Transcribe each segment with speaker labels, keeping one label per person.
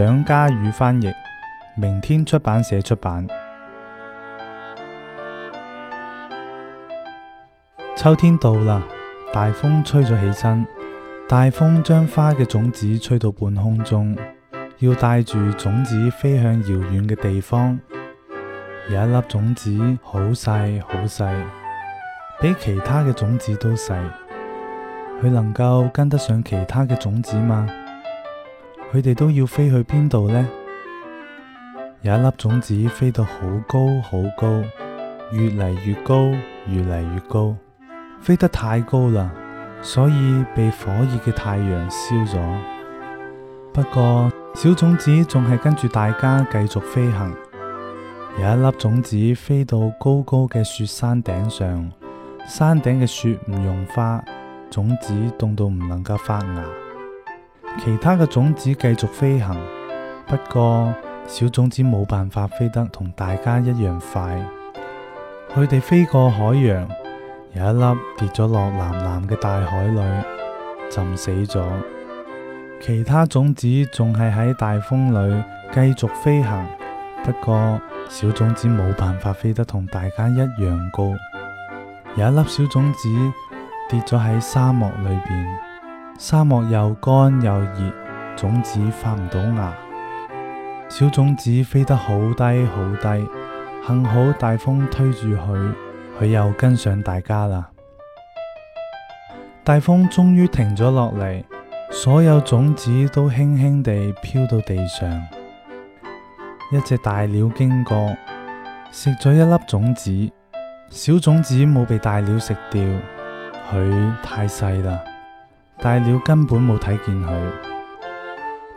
Speaker 1: 蔣家宇翻譯，明天出版社出版。秋天到啦，大風吹咗起身，大風將花嘅種子吹到半空中，要帶住種子飛向遙遠嘅地方。有一粒種子好細好細，比其他嘅種子都細，佢能夠跟得上其他嘅種子嗎？佢哋都要飛去邊度呢？有一粒種子飛到好高好高，越嚟越高，越嚟越高，飛得太高啦，所以被火熱嘅太陽燒咗。不過小種子仲係跟住大家繼續飛行。有一粒種子飛到高高嘅雪山頂上，山頂嘅雪唔融化，種子凍到唔能夠發芽。其他嘅種子繼續飛行，不過小種子冇辦法飛得同大家一樣快。佢哋飛過海洋，有一粒跌咗落藍藍嘅大海裏，浸死咗。其他種子仲係喺大風裏繼續飛行，不過小種子冇辦法飛得同大家一樣高。有一粒小種子跌咗喺沙漠裏邊。沙漠又乾又熱，種子發唔到芽。小種子飛得好低好低，幸好大風推住佢，佢又跟上大家啦。大風終於停咗落嚟，所有種子都輕輕地飄到地上。一隻大鳥經過，食咗一粒種子。小種子冇被大鳥食掉，佢太細啦。大鳥根本冇睇見佢。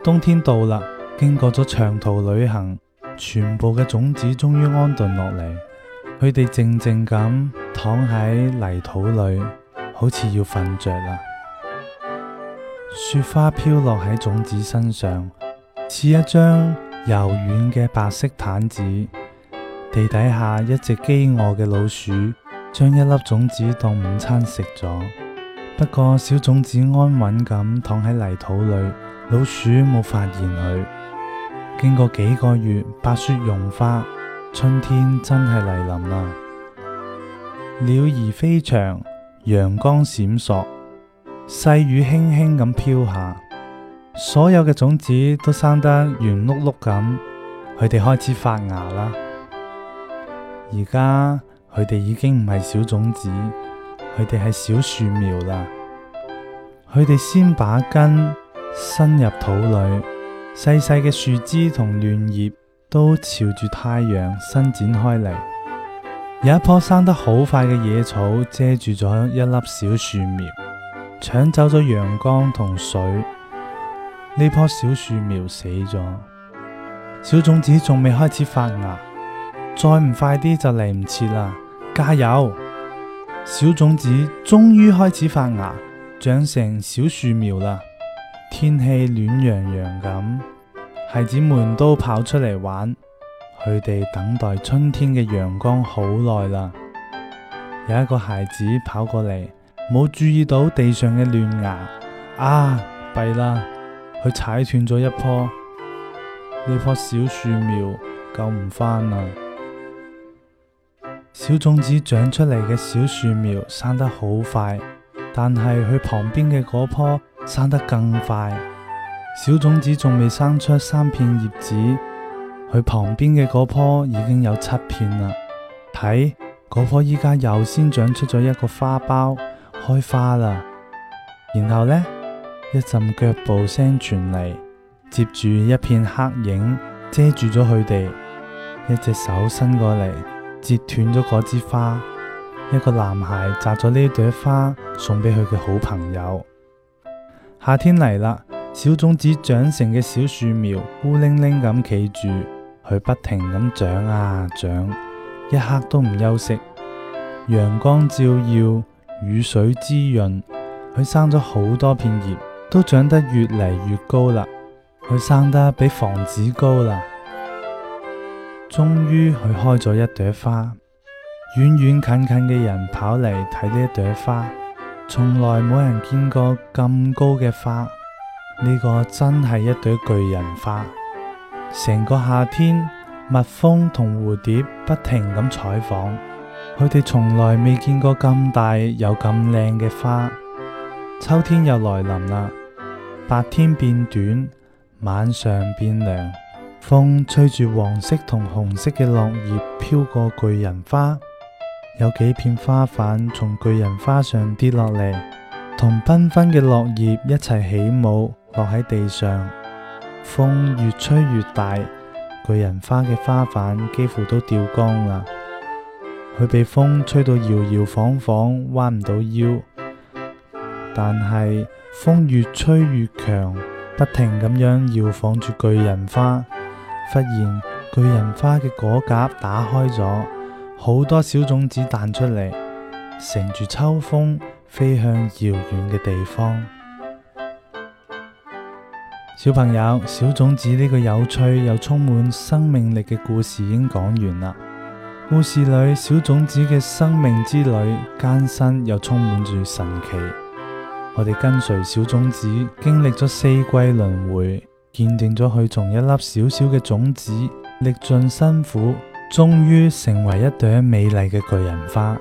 Speaker 1: 冬天到啦，經過咗長途旅行，全部嘅種子終於安頓落嚟，佢哋靜靜咁躺喺泥土裏，好似要瞓着啦。雪花飄落喺種子身上，似一張柔軟嘅白色毯子。地底下一隻飢餓嘅老鼠，將一粒種子當午餐食咗。不過小種子安穩咁躺喺泥土裏，老鼠冇發現佢。經過幾個月，白雪融化，春天真係嚟臨啦。鳥兒飛翔，陽光閃爍，細雨輕輕咁飄下，所有嘅種子都生得圓碌碌咁，佢哋開始發芽啦。而家佢哋已經唔係小種子。佢哋係小樹苗啦，佢哋先把根伸入土裏，細細嘅樹枝同嫩葉都朝住太陽伸展開嚟。有一棵生得好快嘅野草遮住咗一粒小樹苗，搶走咗陽光同水，呢棵小樹苗死咗。小種子仲未開始發芽，再唔快啲就嚟唔切啦！加油！小種子終於開始發芽，長成小樹苗啦。天氣暖洋洋咁，孩子們都跑出嚟玩。佢哋等待春天嘅陽光好耐啦。有一個孩子跑過嚟，冇注意到地上嘅嫩芽，啊！弊啦，佢踩斷咗一棵，呢棵小樹苗救唔返啦。小種子長出嚟嘅小樹苗生得好快，但係佢旁邊嘅嗰棵生得更快。小種子仲未生出三片葉子，佢旁邊嘅嗰棵已經有七片啦。睇，嗰棵依家又先長出咗一個花苞，開花啦。然後呢，一陣腳步聲傳嚟，接住一片黑影遮住咗佢哋，一隻手伸過嚟。折斷咗嗰支花。一個男孩摘咗呢朵花送俾佢嘅好朋友。夏天嚟啦，小種子長成嘅小樹苗孤零零咁企住，佢不停咁長啊長，一刻都唔休息。陽光照耀，雨水滋潤，佢生咗好多片葉，都長得越嚟越高啦。佢生得比房子高啦。終於佢開咗一朵花，遠遠近近嘅人跑嚟睇呢一朵花，從來冇人見過咁高嘅花，呢個真係一朵巨人花。成個夏天，蜜蜂同蝴蝶不停咁採訪，佢哋從來未見過咁大又咁靚嘅花。秋天又來臨啦，白天變短，晚上變涼。風吹住黃色同紅色嘅落葉飄過巨人花，有幾片花瓣從巨人花上跌落嚟，同繽紛嘅落葉一齊起舞，落喺地上。風越吹越大，巨人花嘅花瓣幾乎都掉光啦。佢被風吹到搖搖晃晃，彎唔到腰。但係風越吹越強，不停咁樣搖晃住巨人花。忽然，巨人花嘅果莢打開咗，好多小種子彈出嚟，乘住秋風飛向遙遠嘅地方。小朋友，小種子呢個有趣又充滿生命力嘅故事已經講完啦。故事裏小種子嘅生命之旅艱辛又充滿住神奇。我哋跟隨小種子經歷咗四季輪回。見證咗佢從一粒小小嘅種子，歷盡辛苦，終於成為一朵美麗嘅巨人花。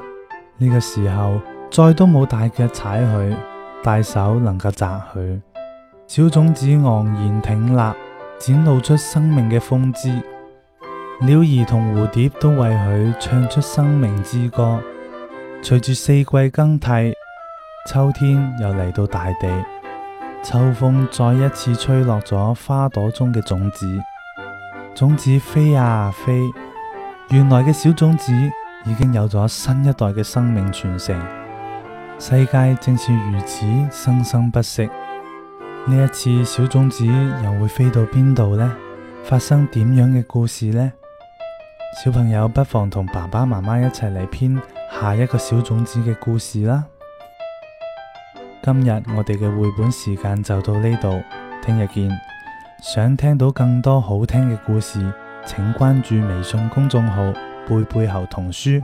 Speaker 1: 呢個時候，再都冇大腳踩佢，大手能夠摘佢。小種子昂然挺立，展露出生命嘅風姿。鳥兒同蝴蝶都為佢唱出生命之歌。隨住四季更替，秋天又嚟到大地。秋風再一次吹落咗花朵中嘅種子，種子飛呀飛，原來嘅小種子已經有咗新一代嘅生命傳承。世界正是如此生生不息。呢一次小種子又會飛到邊度呢？發生點樣嘅故事呢？小朋友不妨同爸爸媽媽一齊嚟編下一個小種子嘅故事啦！今日我哋嘅繪本時間就到呢度，聽日見。想聽到更多好聽嘅故事，請關注微信公眾號《貝貝猴童書》。